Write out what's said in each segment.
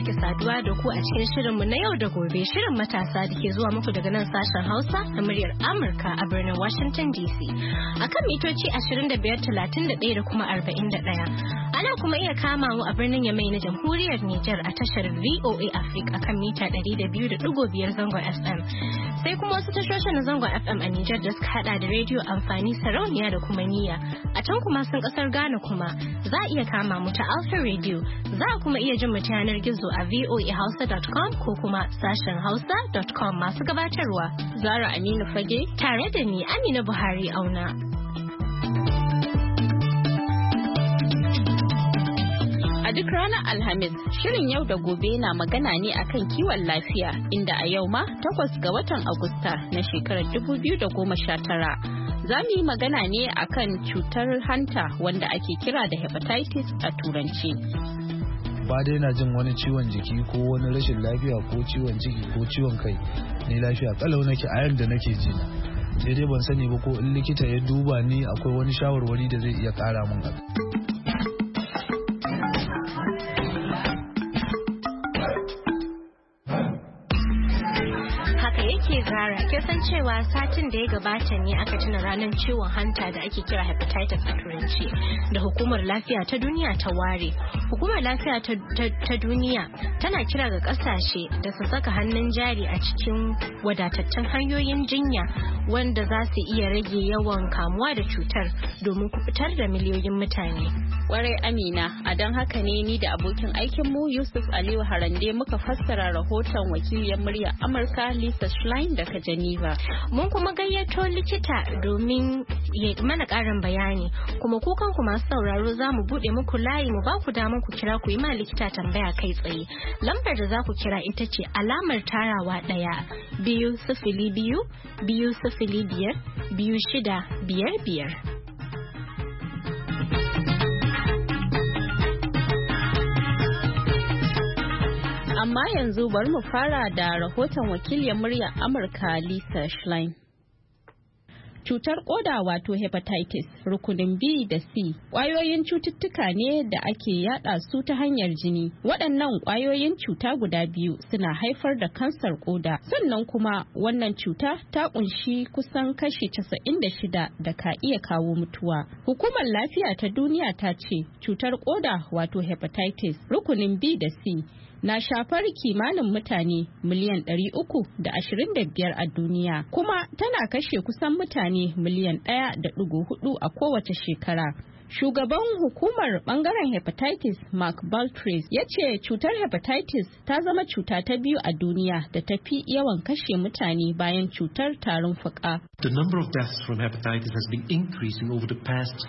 sake saduwa da ku a cikin shirinmu na yau da gobe shirin matasa da ke zuwa muku daga nan sashen Hausa na muryar Amurka a birnin Washington DC. A kan mitoci 2531 da kuma 41. Ana kuma iya kama mu a birnin Yamai na Jamhuriyar Nijar a tashar VOA Africa kan mita 200.5 zangon FM. sai kuma wasu tashoshin na zangon FM a Nijar da suka hada da rediyo amfani sarauniya da kuma niyya. A can kuma sun kasar Ghana kuma za a iya kama mu ta Alpha Radio za a kuma iya jin mu ta yanar gizo a voahausa.com ko kuma sashen hausa.com masu gabatarwa. Zara Aminu Fage tare da ni Amina Buhari auna. A duk ranar Alhamis, shirin yau da gobe na magana ne akan kiwon lafiya inda a yau ma takwas ga watan Agusta na shekarar 2019. Za mu yi magana ne akan cutar hanta wanda ake kira da hepatitis a turanci. Ba dai na jin wani ciwon jiki ko wani rashin lafiya ko ciwon jiki ko ciwon kai ni lafiya kalau nake a da nake ji Sai dai ban sani ba ko in likita ya duba ni akwai wani shawarwari da zai iya kara min cewa satin da ya gabata ne aka tuna ranar ciwon hanta da ake kira hepatitis a turanci da hukumar lafiya ta duniya ta ware. Hukumar lafiya ta duniya tana kira ga kasashe da su saka hannun jari a cikin wadataccen hanyoyin jinya wanda za su iya rage yawan kamuwa da cutar domin kubutar da miliyoyin mutane. Kwarai Amina, a don haka ne ni da abokin aikin mu Yusuf Aliyu Harande muka fassara rahoton wakiliyar murya Amurka Lisa Schlein daga Geneva. ba. Mun kuma gayyato likita domin ya mana ƙarin bayani. Kuma ku masu sauraro za mu buɗe muku layi mu ba ku damar ku kira ku yi ma likita tambaya kai tsaye. Lambar da za ku kira ita ce alamar tarawa ɗaya biyu sifili biyu biyu sifili biyar biyu shida biyar biyar. Amma yanzu bari mu fara da rahoton wakiliyar murya Amurka Lisa Schlein. Cutar koda wato hepatitis rukunin B da C ƙwayoyin cututtuka ne da ake yada su ta hanyar jini. Waɗannan kwayoyin cuta guda biyu suna haifar da kansar koda. Sannan kuma wannan cuta ta kunshi kusan kashi 96 da ka iya kawo mutuwa. Hukumar lafiya ta duniya ta ce cutar koda wato hepatitis rukunin B da C na shafar kimanin mutane miliyan 325 a duniya kuma tana kashe kusan mutane miliyan 1.4 a kowace shekara. Shugaban hukumar bangaren hepatitis Mark Baltris ya ce cutar hepatitis ta zama cuta ta biyu a duniya da ta fi yawan kashe mutane bayan cutar tarin fuka. The number of deaths past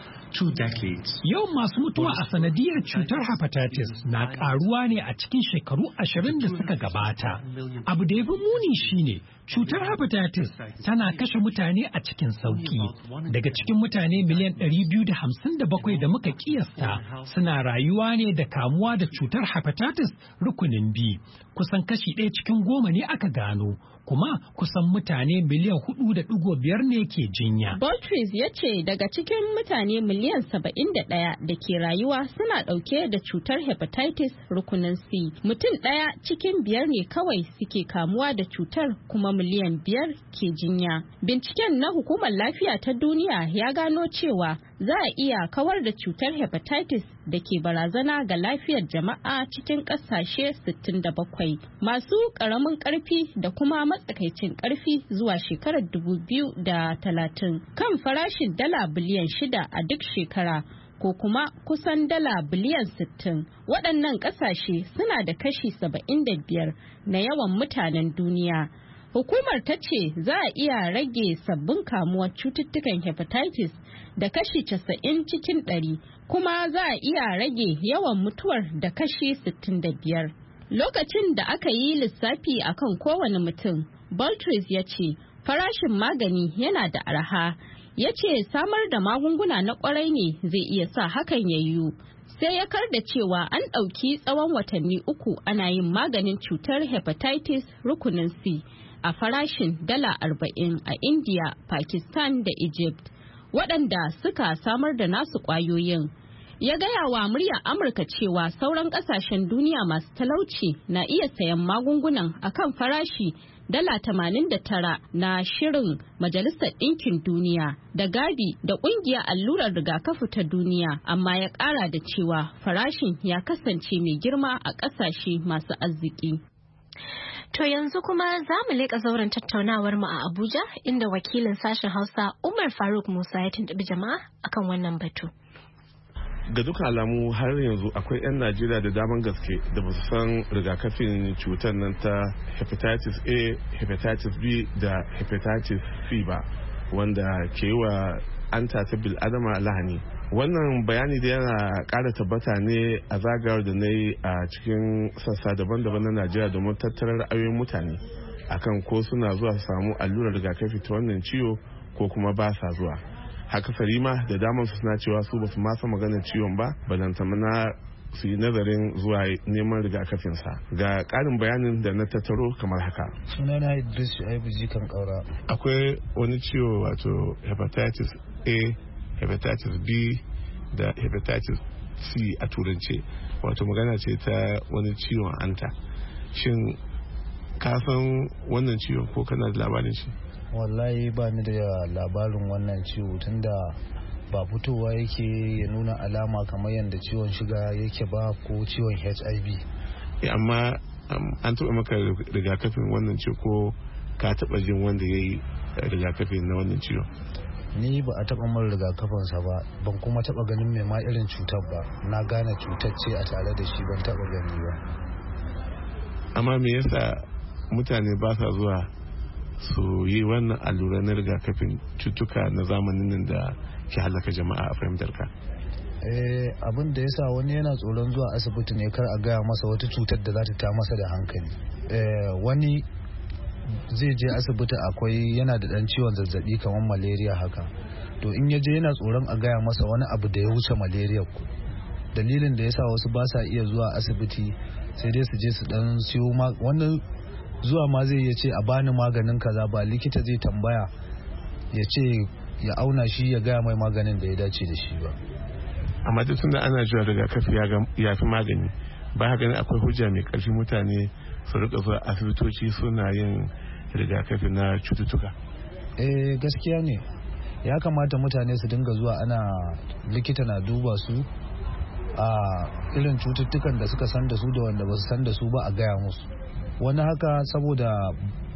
Yau masu mutuwa a sanadiyar cutar hepatitis na karuwa ne a cikin shekaru ashirin da suka gabata. Abu da ya fi muni shine Cutar hepatitis tana kashe mutane a cikin sauki. Daga cikin mutane miliyan 257 da muka kiyasta suna rayuwa ne da kamuwa da cutar hepatitis rukunin B. Kusan kashi ɗaya cikin goma ne aka gano, kuma kusan mutane miliyan hudu da digo biyar ne ke jinya. Boltris ya ce daga cikin mutane miliyan saba'in da ɗaya da ke rayuwa suna ɗauke da cutar hepatitis rukunin C. Mutum ɗaya cikin biyar ne kawai suke kamuwa da cutar kuma miliyan biyar ke jinya. Binciken na hukumar lafiya ta duniya ya gano cewa za a iya kawar da cutar hepatitis da ke barazana ga lafiyar jama'a cikin ƙasashe 67 masu ƙaramin ƙarfi da kuma matsakaicin ƙarfi zuwa shekarar 2030 kan farashin dala biliyan shida a duk shekara ko kuma kusan dala biliyan 60 waɗannan ƙasashe suna da kashi 75 na yawan mutanen duniya Hukumar ta ce za a iya rage sabbin kamuwar cututtukan hepatitis da kashi casa'in cikin 100 kuma za a iya rage yawan mutuwar da kashi sittin da biyar. Lokacin da aka yi lissafi akan kowane mutum, Boltris ya ce farashin magani yana da arha. ya ce samar da magunguna na kwarai ne zai iya sa hakan ya yiwu sai ya kar da cewa an ɗauki tsawon watanni uku ana yin maganin cutar hepatitis rukunin c a farashin dala arba'in a India, Pakistan da Egypt waɗanda suka samar da nasu ƙwayoyin. Ya gaya wa murya Amurka cewa sauran ƙasashen duniya masu talauci na iya sayan magungunan akan farashi dala tamanin da tara na shirin Majalisar Ɗinkin Duniya da Gadi da ƙungiyar allurar rigakafi ta duniya, amma ya ƙara da cewa farashin ya kasance mai girma a ƙasashe masu arziki. To yanzu kuma za mu leƙa zauren tattaunawar mu a Abuja inda wakilin sashen Hausa Umar Faruk Musa ya tuntubi jama'a akan wannan batu. Ga duka alamu har yanzu akwai 'yan Najeriya da daman gaske da ba su san rigakafin cutar nan ta hepatitis A, hepatitis B da hepatitis C ba wanda ke yi wa an bil adama lahani. wannan bayani da yana ƙara tabbata ne a zagayar da na yi a cikin sassa daban-daban na najeriya domin tattara ra'ayoyin mutane akan ko suna zuwa su samu allurar rigakafi ta wannan ciwo ko kuma ba sa zuwa haka sarima da damar su suna cewa su basu masa magana ciwon ba balantama na su yi nazarin zuwa neman sa ga karin bayanin da na tattaro kamar haka sunana idris shu'aibu jikan kaura akwai wani ciwo wato hepatitis a hepatitis b da hepatitis c a turance wato magana ce ta wani ciwon anta shin ka san wannan ciwon ko kana da labarin shi wallahi ba ni da labarin wannan ciwo tunda ba fitowa yake ya nuna alama kamar yadda ciwon shiga yake ba ko ciwon hiv eh, amma an taɓa maka rigakafin wannan ciwo ko ka taɓa jin wanda ya yi rigakafin na wannan ciwon ni ba a taba mun rigakafin sa ba ban kuma taba ganin mai ma irin cutar ba na gane cutar ce a tare da shi ban taba gani ba amma me yasa mutane ba sa zuwa su yi wannan allura na rigakafin cutuka na zamanin nan da ke halaka jama'a a fahimtar ka eh, abin da yasa wani yana tsoron zuwa asibiti ne kar a gaya masa wata cutar da za ta ta masa da hankali eh, wani zai je asibiti akwai yana da dan ciwon zazzabi kamar malaria haka to in ya je yana tsoron a gaya masa wani abu da ya wuce malaria ku dalilin da ya sa wasu ba sa iya zuwa asibiti sai dai su je su dan siyo wannan zuwa ma zai iya ce a bani maganin kaza ba likita zai tambaya ya ce ya auna shi ya gaya mai maganin da ya dace da shi ba amma duk tunda ana jira rigakafi ya fi magani ba ganin akwai hujja mai karfi mutane su rika zuwa asibitoci suna yin rigakafi na cututtuka eh gaskiya ne ya kamata mutane su dinga zuwa ana likita na duba su a irin cututtukan da suka san da su da wanda ba su san da su ba a gaya musu wani haka saboda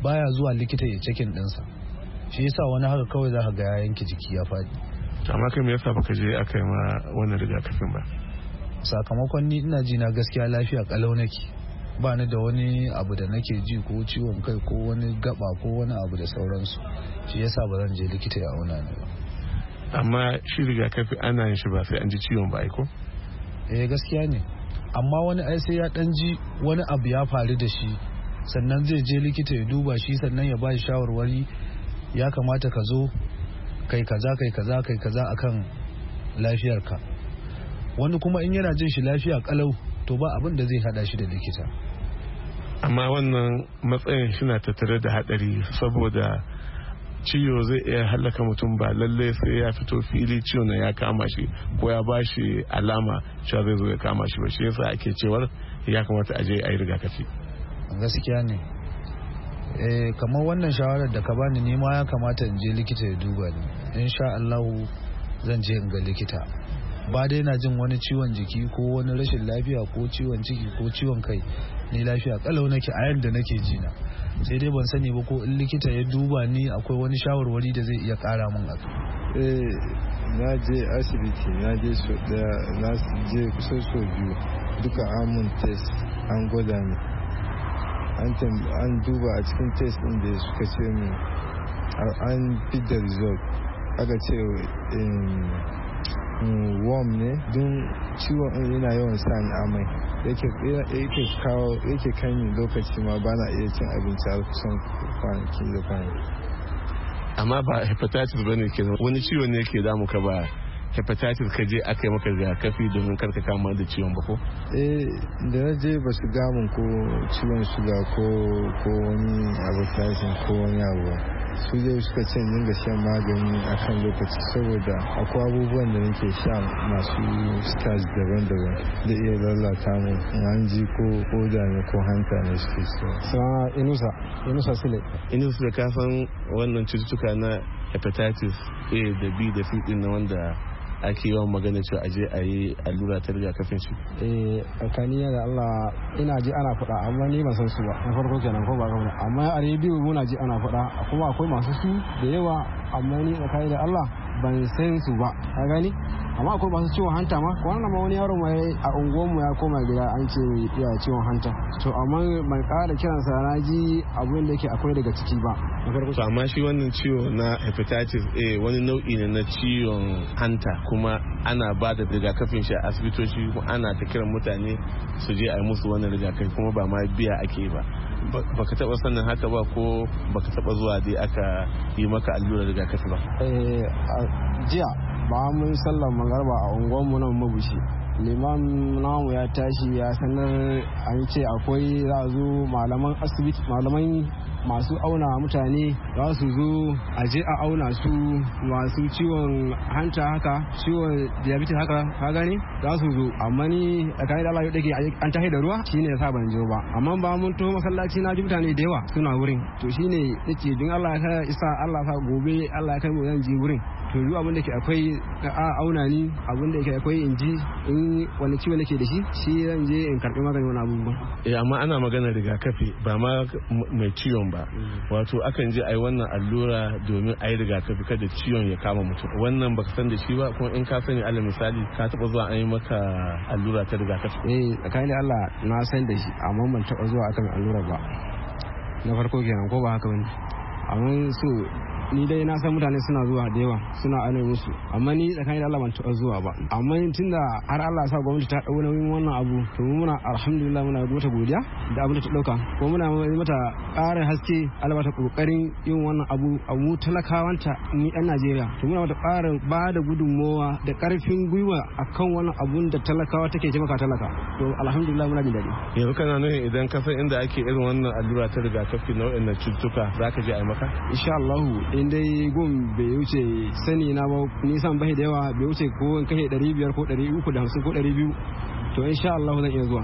baya zuwa likita ya cikin dinsa shi yasa wani haka kawai za ka ga yanki jiki ya faɗi amma kai me yasa baka je aka yi ma wannan rigakafin ba sakamakon ni ina ji na gaskiya lafiya kalau nake ba ni da wani abu da nake ji ko ciwon kai ko wani gaba ko wani abu da sauransu shi yasa ba zan je likita ya auna ni ba amma shi rigakafi ana yin shi ba sai an ji ciwon ba ko eh gaskiya ne amma wani ai sai ya dan ji wani abu ya faru da shi sannan zai je likita ya duba shi sannan ya ba shi shawarwari ya kamata ka zo kai kaza kai kaza kai kaza akan lafiyarka wani kuma in yana jin shi lafiya kalau to ba abin da zai hada shi da likita amma wannan matsayin suna tattare da hadari saboda ciwo zai iya halaka mutum ba lallai sai ya fito fili ciwo na ya kama shi ko ya ba shi alama cewa zai zo ya kama shi ba shi yasa ake cewar ya kamata a je a yi rigakafi gaskiya ne eh kamar wannan shawarar da ka bani ni ma ya kamata in je likita ya duba ni insha Allah zan je in ga likita ba dai na jin wani ciwon jiki ko wani rashin lafiya ko ciwon ciki ko ciwon kai ni lafiya kalau nake a yadda nake jina sai dai ban sani ba ko in likita ya duba ni akwai wani shawarwari da zai iya kara min aka eh na je asibiti na je so daya na je kusan so biyu duka amun test an gwada ni an duba a cikin test din da suka ce min an fit da result aka ce worm ne don ciwon in yana yawan sa ni amai yake kawo yake kanyi lokaci ma ba na iya cin abinci a kusan kwanaki da kwanaki amma ba hepatitis ba ne ke wani ciwon ne ke damu ka ba hepatitis ka je aka yi maka rigakafi domin karka kama da ciwon ba ko? eh da na je ba su gamun ko ciwon suga ko wani hepatitis ko wani abu su zai suka ce dinga shan magani a kan lokaci saboda akwai abubuwan da nake sha masu stars daban-daban da iya lalata mu hanji ko koda ne ko hanta ne suke so. sana inusa inusa sile inusa da kafan wannan cututtuka na hepatitis a da b da c din na wanda ake yawan magana cewa aje a yi allura ta rigakafin shi eh ya ga Allah ina ji ana faɗa amma ni ban san su ba na farko kenan ko ba gaba amma a rediyo muna ji ana faɗa kuma akwai masu su da yawa amma ni kai da Allah ban san su ba ka gani amma akwai masu ciwon hanta ma wannan ma wani yaro mai a unguwarmu ya koma gida an ce ya ciwon hanta to amma ban kara sa na ji abin da yake akwai daga ciki ba to amma shi wannan ciwo na hepatitis A wani nau'i ne na ciwon hanta kuma ana ba da rigakafin shi a asibitoci ana ta kiran mutane su je a yi musu wannan rigakafi kuma ba ma biya ake ba baka taba sanin haka ba ko baka taba zuwa dai aka yi maka allurar rigakafi ba eh, jiya ba mun sallar magarba a unguwanmu nan mabushi liman namu ya tashi ya sanar an ce akwai za zo malaman malaman masu auna mutane za su zo a je a auna su masu ciwon hanta haka ciwon diabetes haka ka gani za su zo amma ni tsakanin da Allah dake an tahi da ruwa shine yasa ban je ba amma ba mun to masallaci na ji mutane da yawa suna wurin to shine nace din Allah ya isa Allah sa gobe Allah ya kai mu zan je wurin to duk abin da ke akwai a auna ni abin da ke akwai in ji in wani ciwo nake da shi shi zan je in karbi magani wani abubuwa eh amma ana magana rigakafi ba ma mai ciwon ba mm. wato akan je a yi wannan allura domin a yi rigakafi kada ciwon ya kama mutum wannan baka san da shi ba kuma in ka sani alal misali ka taba zuwa an yi maka allura ta rigakafi eh tsakanin Allah na san da shi amma ban taba zuwa akan allura ba na farko kenan ko ba haka bane amma so ni dai na san mutane suna zuwa da yawa suna ana musu amma ni tsakanin da Allah ban taɓa zuwa ba amma tunda har Allah ya sa gwamnati ta ɗau nauyin wannan abu to muna alhamdulillah muna mata godiya da abin da ta ɗauka ko muna mata ƙara haske Allah ta ƙoƙarin yin wannan abu a mu talakawanta ni ɗan Najeriya to muna mata ƙara ba da gudunmowa da ƙarfin gwiwa akan wannan abun da talakawa take taimaka talaka to alhamdulillah muna jin daɗi yanzu kana nuna idan ka san inda ake irin wannan allura ta rigakafi na cutuka cututtuka za ka je a maka insha Allah eh, in dai gun bai wuce sani na ba nisan bai da yawa bai wuce ko in kashe 500 ko 350 ko 200 to insha Allah zan iya zuwa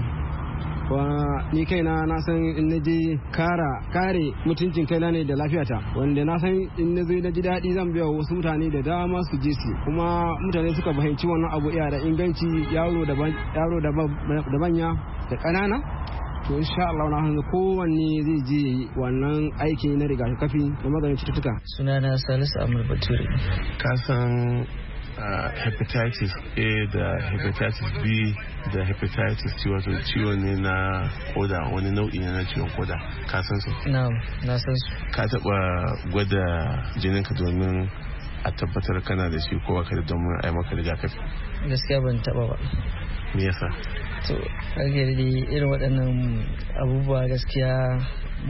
kuma ni kaina na san in na je kara kare mutuncin kaina ne da lafiyata wanda na san in na zo na ji daɗi zan biya wasu mutane da dama su je su kuma mutane suka fahimci wannan abu iya da inganci yaro da manya da ƙanana to insha Allah na hanzu kowanne zai je wannan aiki na rigakafi da maganin cututtuka sunana Salisu Amr Bature ka san hepatitis A da hepatitis B da hepatitis C wato ciwon ne na koda wani nau'i ne na ciwon koda ka san su? No, na san su. Ka taba gwada jinin ka domin a tabbatar kana da shi ko ka da domin a yi maka rigakafi? Gaskiya ban taba ba. me yasa to kage da irin waɗannan abubuwa gaskiya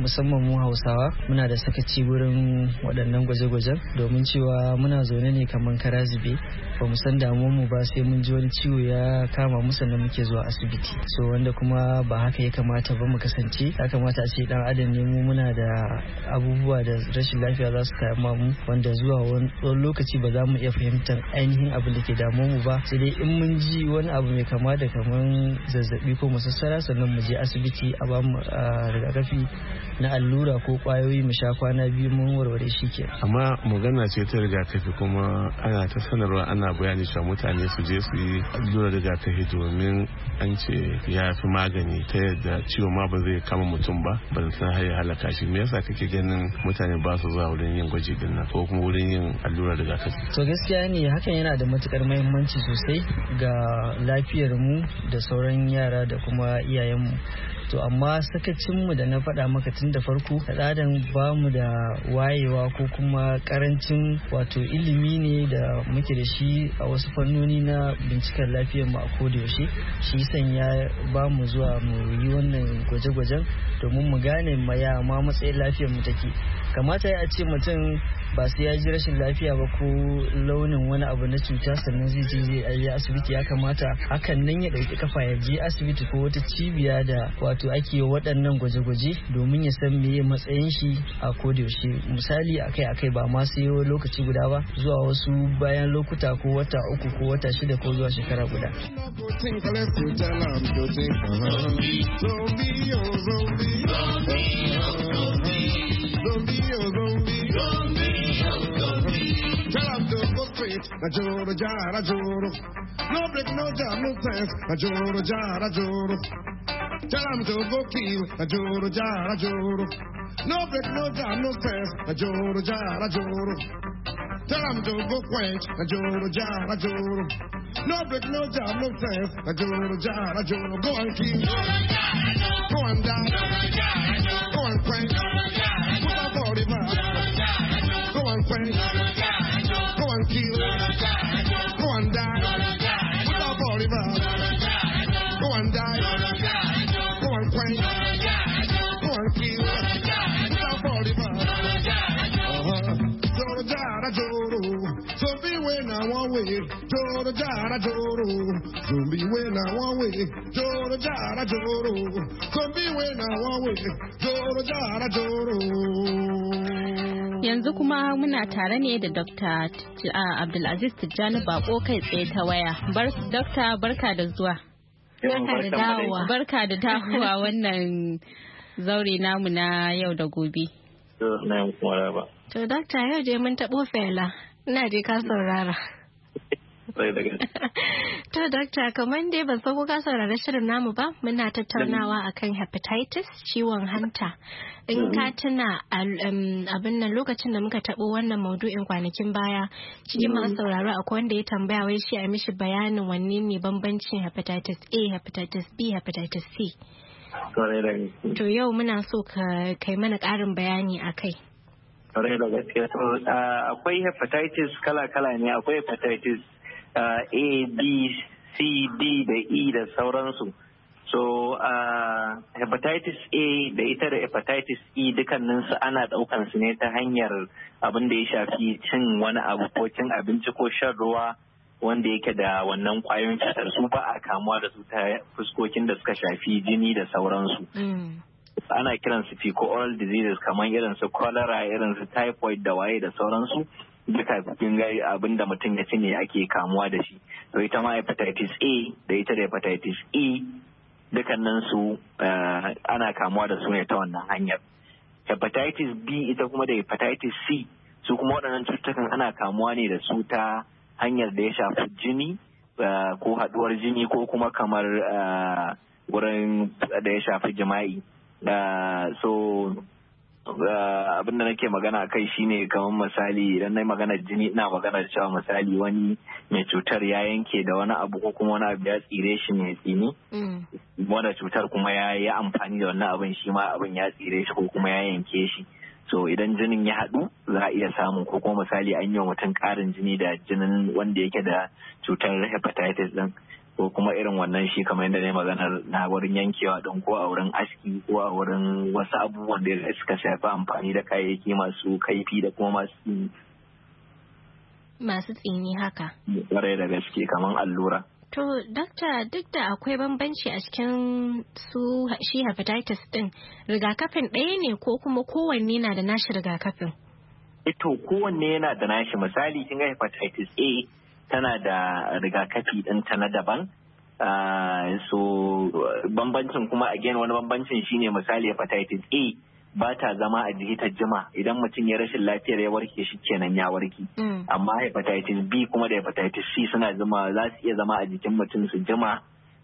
musamman mu hausawa muna da sakaci wurin waɗannan gwaje-gwajen domin cewa muna zaune ne kamar karazibe ba mu san damuwar mu ba sai mun ji wani ciwo ya kama mu sannan muke zuwa asibiti so wanda kuma ba haka ya kamata ba mu kasance ya kamata a ce dan adam ne mu muna da abubuwa da rashin lafiya za su kama mu wanda zuwa wani lokaci ba za mu iya fahimtar ainihin abin da ke damuwar mu ba sai dai in mun ji wani abu mai kama da kaman zazzabi ko musassara sannan mu je asibiti a ba mu rigakafi na allura ko kwayoyi mu sha kwana biyu mun warware shi ke amma magana ce ta rigakafi kuma ana ta sanarwa ana suna bayani cewa mutane su je su yi allura rigakafi domin an ce ya fi magani ta yadda ciwo ma ba zai kama mutum ba ba san har ya halaka shi me yasa kake ganin mutane ba su zuwa wurin yin gwaji din nan ko kuma wurin yin allura daga rigakafi to gaskiya ne hakan yana da matukar muhimmanci sosai ga lafiyar mu da sauran yara da kuma iyayen mu to amma sakacin mu da na faɗa maka tun da farko al'adan ba mu da wayewa ko kuma karancin wato ilimi ne da muke da shi a wasu fannoni na binciken lafiyar mu a yaushe shi ya ba mu zuwa mu yi wannan gwaje-gwajen domin mu gane ma ya ma matsayin lafiyar mu take kamata ya ce mutum ba sai ya ji rashin lafiya ba ko launin wani abu na cuta sannan zai je zai yi asibiti ya kamata hakan nan ya ɗauki kafa ya je asibiti ko wata cibiya da wato ake waɗannan gwaje-gwaje domin ya san meye matsayin shi a kodayaushe misali akai-akai ba ma sai lokaci guda ba zuwa wasu bayan lokuta ko wata uku ko wata shida ko zuwa shekara guda. ajuro jara ajuro. No break, no job, no thanks, ajuro jara ajuro. Tell him to go kill, ajuro jara ajuro. No break, no job, no thanks, ajuro jara ajuro. Tell him to go quench, ajuro jara ajuro. No break, no job, no thanks, ajuro jara ajuro. Go and kill, go and die, go and quench, put a body man, go and quench. kuma muna tare ne da Dr. Abdulaziz Tijjani Bako kai tsaye ta waya. Dr. barka da zuwa. Barka da dawowa wannan zaure namu na yau da gobe. To, Dokta yau je mun taɓo fela. Ina je ka saurara. To, Dokta, kamar dai ban san kuka ka saurari shirin namu ba, muna tattaunawa mm-hmm. akan hepatitis, ciwon hanta. In mm-hmm. ka tuna abin nan lokacin da muka taɓo wannan maudu'in kwanakin baya, cikin masu mm-hmm. sauraro akwai wanda ya tambaya wai shi a mishi bayanin wanne ne bambancin hepatitis A, hepatitis B, hepatitis C. To yau muna so ka kai mana ƙarin bayani a kai. Akwai hepatitis kala-kala ne, akwai hepatitis a b c d da e da sauransu so hepatitis a da ita da hepatitis e dukkaninsu ana daukan su ne ta hanyar abin da ya shafi cin wani abu ko cin abinci ko shan ruwa wanda yake da wannan kwayoyin cutar su ba a kamuwa da su ta fuskokin da suka shafi jini da sauransu mm. ana kiransu fecal oral diseases kamar irin su cholera irin su typhoid da waye da sauransu duka kin ga abin mutum ya cinye ake kamuwa da shi to ita ma hepatitis A da ita da hepatitis E dukannan su eh, ana kamuwa da su ne ta wannan hanyar hepatitis B ita kuma da hepatitis C su kuma waɗannan cututtukan ana kamuwa ne da su ta hanyar da ya shafi jini eh, ko haɗuwar jini ko kuma kamar eh, wurin da ya shafi jima'i so Eh, abin da nake magana a kai shine kamar misali idan na magana jini ina magana cewa misali wani mai cutar ya yanke da wani abu ko kuma wani abu ya tsire shi ne tsini mm. wanda cutar kuma ya yi amfani da wannan abin shi ma abin ya tsire shi ko kuma ya yanke shi so idan jinin ya haɗu za a iya samu ko kuma misali an yi wa mutum ƙarin jini da jinin wanda yake da cutar hepatitis din ko kuma irin wannan shi kamar yadda ne maganar na wurin yankewa don ko a wurin aski ko a wurin wasu abubuwan da ya suka shafi amfani da kayayyaki masu kaifi da kuma masu masu tsini haka. Kwarai da gaske kamar allura. To, dakta duk da akwai bambanci a cikin su shi hepatitis din rigakafin ɗaya ne ko kuma kowanne na da nashi rigakafin? Ito kowanne yana da nashi misali kin ga hepatitis A tana da rigakafi ɗinta na daban ah, so bambancin kuma again wani bambancin shine misali hepatitis A ba ta zama a jiki jima idan mutum ya rashin lafiyar ya warke shi kenan ya warke mm. amma hepatitis B kuma da hepatitis C suna zama za su iya zama a jikin mutum su jima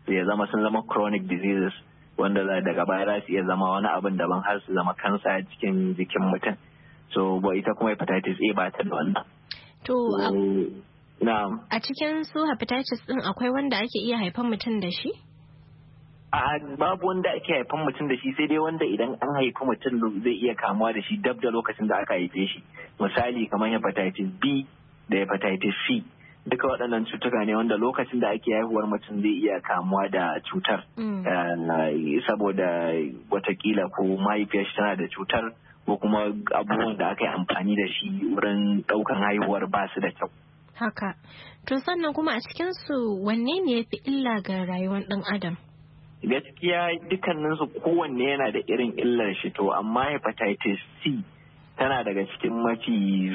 su ya zama sun zama chronic diseases wanda za daga baya za su iya zama wani abin daban har su zama kansa a cikin jikin mutum so ita kuma hepatitis A ba ta da wannan Na'am. A cikin su hepatitis din akwai wanda ake iya haifan mutum da shi? A babu wanda ake haifan mutum da shi sai dai wanda idan an haifi mutum zai iya kamuwa da shi dab da lokacin da aka haife shi. Misali kamar hepatitis B da hepatitis C. Duka waɗannan cutuka ne wanda lokacin da ake haihuwar mutum zai iya kamuwa da cutar. Mm. Eh, saboda watakila ko mahaifiyar shi tana da cutar ko kuma abubuwan da aka yi amfani da shi wurin ɗaukan haihuwar ba su da kyau. Haka. To sannan kuma a cikinsu wanne ne ya illa ga rayuwar ɗan adam? Gaskiya dukkaninsu kowanne yana da irin illar shi to amma hepatitis C tana daga cikin mafi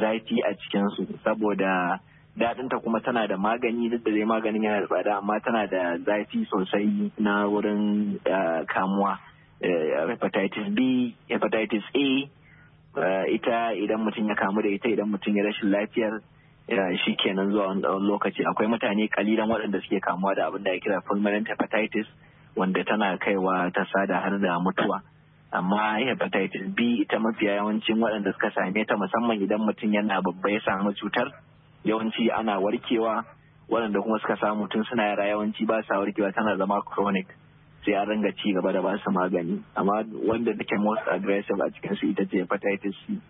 zafi a cikinsu saboda daɗinta kuma tana da magani duk da dai maganin yana da tsada amma tana da zafi sosai na wurin kamuwa e, hepatitis b hepatitis a e, ita idan mutum ya kamu da ita idan mutum ya rashin lafiyar shi kenan zuwa wani lokaci akwai mutane kalilan waɗanda suke kamuwa da abin da ya kira fulminant hepatitis wanda tana kaiwa ta sada har da mutuwa amma hepatitis b ita mafiya yawancin waɗanda suka same ta musamman idan mutum yana babba ya samu cutar yawanci ana warkewa waɗanda kuma suka samu tun suna yara yawanci ba sa warkewa tana zama chronic sai an ringa ci gaba da basu magani amma wanda take most aggressive a su ita ce hepatitis c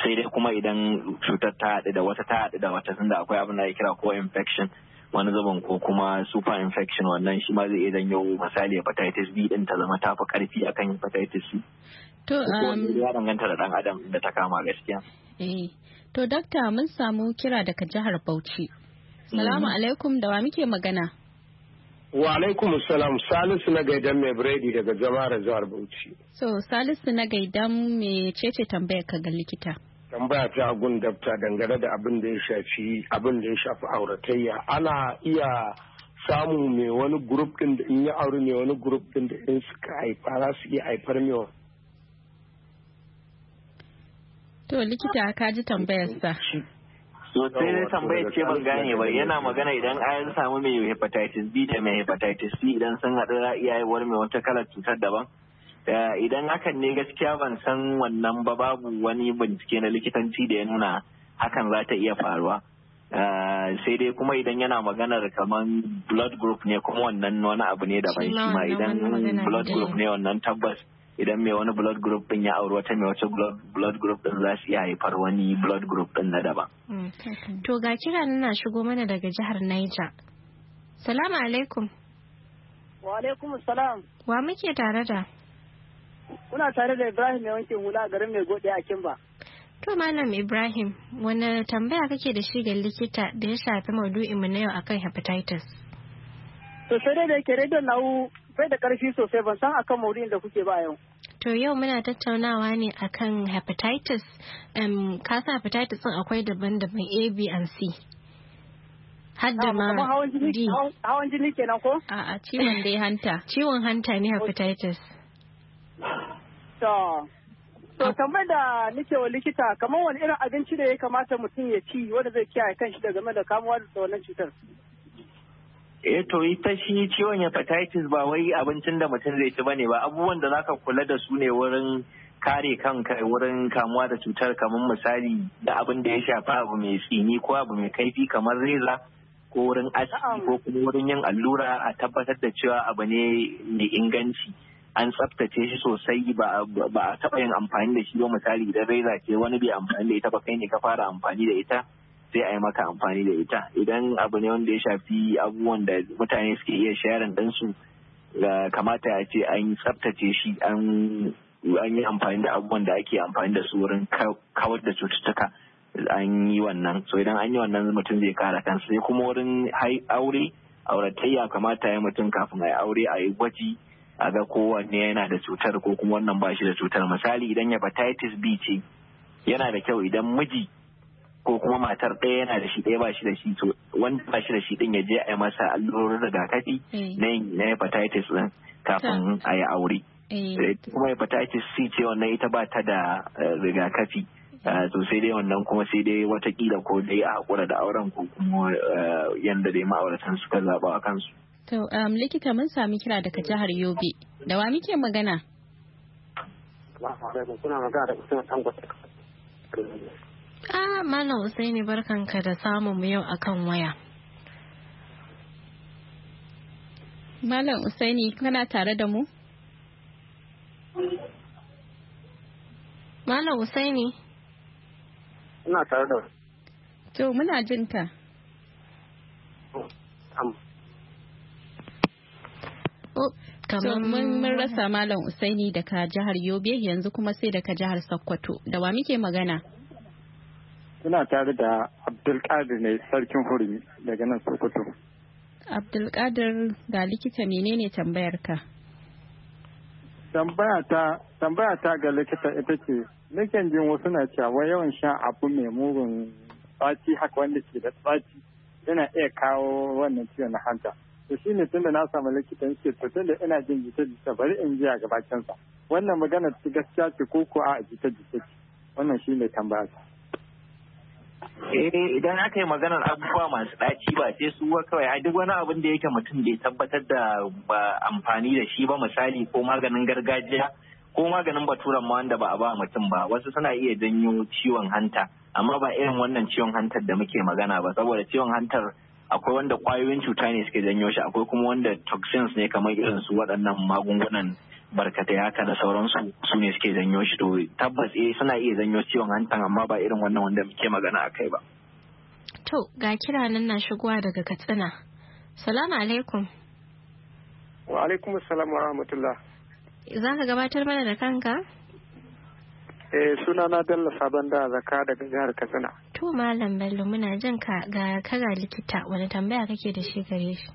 sai dai kuma idan cutar ta haɗu da wata ta haɗu da wata tunda akwai abin da ya kira ko infection wani zaban ko kuma super infection wannan shi ma zai iya janyo misali hepatitis B din ta zama tafi karfi akan hepatitis C. To um, ya danganta da dan adam da ta kama gaskiya. Eh, to dakta mun samu kira daga jihar Bauchi. Mm-hmm. Salamu alaikum da wa muke magana? Wa alaikum salam Salisu na gaidan mai biredi daga jama'ar jihar Bauchi. So Salisu na gaidan cece tambayar ka ga likita? Tambaya ta gun dafta dangane da abin da ya shafi abin da ya shafi auratayya ana iya samu mai wani grup din da in yi aure mai wani grup din da in suka haifa za su iya haifar mai To likita ka ji sa. to sai dai tambaya ce ban gane ba yana magana idan an samu mai hepatitis B da mai hepatitis C idan sun haɗu za iya haihuwar mai wata kalar cutar daban eh, idan hakan ne gaskiya ban san wannan ba babu wani bincike na likitanci da ya nuna hakan za ta iya faruwa eh, sai dai kuma idan yana maganar kamar blood group ne kuma wannan wani abu ne daban shi ma idan blood group ne wannan tabbas idan mai wani blood group din ya auri wata mai wata blood group din za su iya haifar wani blood group din na daban. Mm, to ga kira na shigo mana daga jihar Niger. Salamu alaikum. Wa alaikum salam. Wa muke tare da? Kuna tare da Ibrahim mai wankin hula garin mai gode a Kimba. To Malam Ibrahim, wani tambaya kake da shi ga likita da ya shafi maudu'in mu na yau akan hepatitis? To sai dai da yake rediyon na'u sai da karfi sosai ban san akan maudu'in da kuke ba yau to yau muna tattaunawa ne akan hepatitis um, kasa hepatitis din akwai daban-daban a b and c hadda ma d hawan jini kenan ko a a ciwon dai hanta ciwon hanta ne hepatitis to to kamar da nike wa likita kamar wani irin abinci da ya kamata mutum ya ci wanda zai kiyaye kanshi da game da kamuwa da wannan cutar eh to ita shi ciwon hepatitis ba wai abincin da mutum zai ci bane ba abubuwan da zaka kula da su ne wurin kare kanka wurin kamuwa da cutar kamar misali da abin da ya shafa abu mai tsini ko abu mai kaifi kamar reza ko wurin aski ko kuma wurin yin allura a tabbatar da cewa abu ne mai inganci an tsaftace shi sosai ba a taɓa yin amfani da shi ba misali idan reza ce wani bai amfani da ita ba kai ne ka fara amfani da ita sai a yi maka amfani da ita idan abu ne wanda ya shafi abubuwan da mutane suke iya sharing ɗansu kamata ya ce an tsabtace shi an yi amfani da abubuwan da ake amfani da su wurin kawar da cututtuka an yi wannan so idan an yi wannan mutum zai kara kansa sai kuma wurin aure auratayya kamata ya mutum kafin a yi aure a yi gwaji a ga kowanne yana da cutar ko kuma wannan ba shi da cutar misali idan hepatitis B ce yana da kyau idan miji ko kuma matar ɗaya yana da shi ɗaya ba shi da shi to wanda ba shi da shi ɗin ya je a yi masa allurorin rigakafi eh. na hepatitis ɗin kafin a yi aure. Eh. Eh, kuma hepatitis C ce wannan ita ba ta da rigakafi to sai dai wannan kuma sai dai watakila ko dai a hakura da auren ko kuma yanda dai ma'auratan suka zaɓa a kansu. To um, likita mun sami kira daga jihar Yobe da wa muke magana? suna magana da Usman Tango. Ah, Malam Usaini barkanka da samun mu yau akan waya. Malam Usaini kana tare da mu? Malam Usaini? Ina tare da mu. To muna jin ka. Oh, Kamar mun rasa Malam Usaini daga jihar Yobe yanzu kuma sai daga jihar Sokoto. Da wa muke magana? Suna tare da Abdulkadir ne sarkin hurumi daga nan Sokoto. Abdulkadir ga likita menene tambayar ka? Tambaya ta ga likita ita ce, nikan jin wasu na cewa yawan shan abu mai mugun tsaci haka wanda ke da tsaki yana iya kawo wannan ciwon na hanta. To shi ne tunda na samu likitan ce to tunda ina jin jita jita bari in ji a gabacinsa. Wannan magana ta gaskiya ce ko ko a jita jita Wannan shi ne tambaya ta. eh idan aka yi maganar abubuwa masu ɗaci ba sai su kawai a duk wani abin da yake mutum bai tabbatar da amfani da shi ba misali ko maganin gargajiya ko maganin baturan ma wanda ba a ba mutum ba wasu suna iya janyo ciwon hanta amma ba irin wannan ciwon hantar da muke magana ba saboda ciwon hantar akwai wanda kwayoyin cuta ne suke janyo shi akwai kuma wanda toxins ne kamar irin su waɗannan magungunan barkatai haka da sauransu su ne suke zanyo shi to tabbas eh suna iya zanyo ciwon hantan amma ba irin wannan wanda muke magana a kai ba. To ga kira nan na shigowa daga Katsina. Salamu alaikum. Wa alaikum assalam wa rahmatullah. Za ka gabatar mana da kanka? Eh na dalla Sabon da Zaka daga jihar Katsina. To Malam Bello muna jin ka ga kaga likita wani tambaya kake da shi gare shi.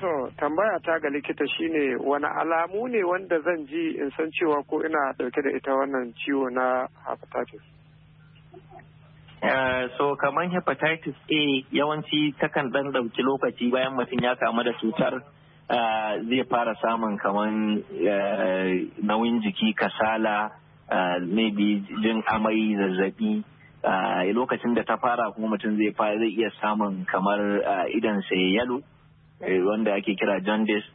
To tambaya ta ga likita shine wani alamu ne wanda zan ji in san cewa ko ina dauke da ita wannan ciwo na hepatitis. Uh, so kamar hepatitis A yawanci takan dan dauki lokaci bayan mutum ya kamu da cutar uh, zai fara samun kamar eh, nauyin jiki kasala maybe jin amai zazzabi lokacin da ta fara kuma mutum zai iya samun kamar idan sai yalo Eh, wanda ake kira jaundice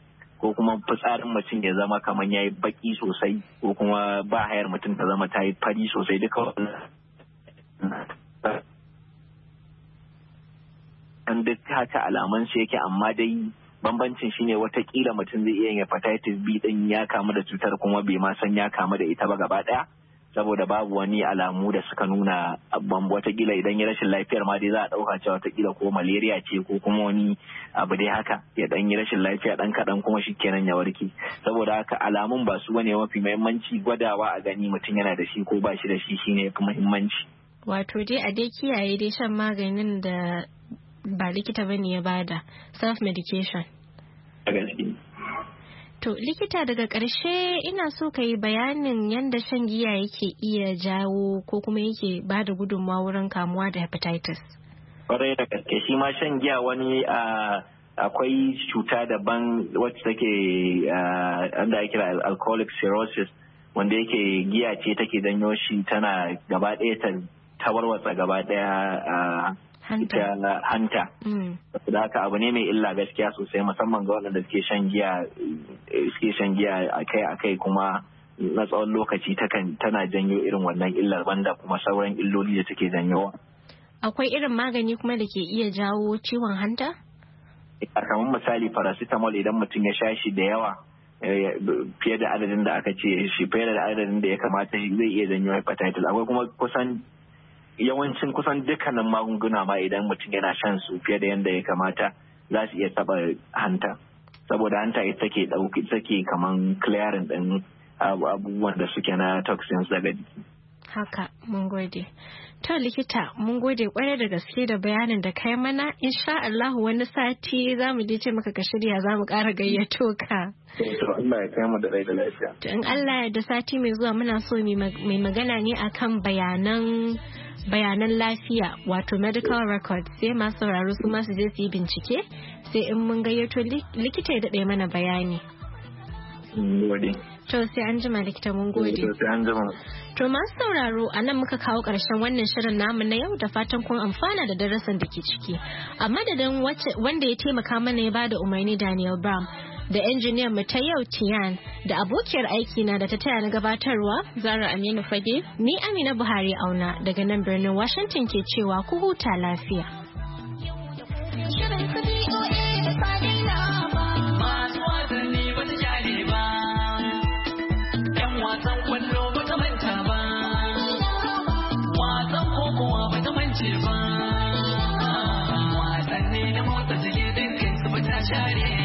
ko kuma fitsarin mutum ya zama kamar ya yi baki sosai ko kuma ba hayar mutum ta zama ta yi fari sosai duka wannan duk haka alaman shi yake amma dai bambancin shine watakila mutum zai iya yin hepatitis B din ya kamu da cutar kuma bai ma san ya kamu da ita ba gaba daya saboda babu wani alamu da suka nuna abban watakila idan ya rashin lafiyar ma dai za a ɗauka cewa watakila ko malaria ce ko kuma wani abu dai haka ya ɗan yi rashin lafiya dan kaɗan kuma shi kenan ya warke saboda haka alamun ba su bane mafi muhimmanci gwadawa a gani mutum yana da shi ko ba shi da shi shine fi muhimmanci. wato dai a dai kiyaye dai shan maganin da ba likita bane ya bada self medication. To likita daga karshe ina so ka yi bayanin yadda shan giya yake iya jawo ko kuma yake ba da gudunmawa wurin kamuwa da hepatitis. Kwarai da gaske shi ma shan giya wani akwai cuta daban wacce take wanda ake kira alcoholic cirrhosis wanda yake giya ce take danyo shi tana gaba ɗaya ta warwatsa gaba ɗaya hanta hanta mm. da haka abu ne mai illa gaskiya sosai musamman ga waɗanda suke shan giya suke shan giya akai akai kuma na tsawon lokaci tana janyo irin wannan illar banda kuma sauran illoli da take janyowa akwai irin magani kuma da ke iya jawo ciwon hanta a kamar misali paracetamol idan mutum ya sha shi da yawa eh, fiye da adadin da aka ce shi fiye da adadin da ya kamata zai iya janyo hepatitis akwai kuma kusan yawancin kusan dukkanin magunguna ma idan mutum yana shan su fiye da yadda ya kamata za su iya taba hanta saboda hanta ita ke dauki take kaman clearing din abubuwan da suke na toxins daga jiki haka mun gode to likita mun gode kwarai da gaske da bayanin da kai mana insha Allah wani sati za mu je ce maka ka shirya za mu ƙara gayyato ka to Allah ya kai mu da rai da lafiya to in Allah ya da sati mai zuwa muna so mai magana ne akan bayanan bayanan lafiya wato medical record sai masu sauraro su masu je su yi bincike sai in mun gayyato likita ya daɗe mana bayani. To sai an jima likita mun gode. To masu sauraro a nan muka kawo ƙarshen wannan shirin namu na yau da fatan kun amfana da darasin da ke ciki. A madadin wanda ya taimaka mana ya bada umarni Daniel Brown da injiniyan mu ta yau Tiyan da abokiyar aiki na da ta taya na gabatarwa Zara Aminu Fage ni Amina Buhari Auna daga nan birnin Washington ke cewa ku huta lafiya. Yeah.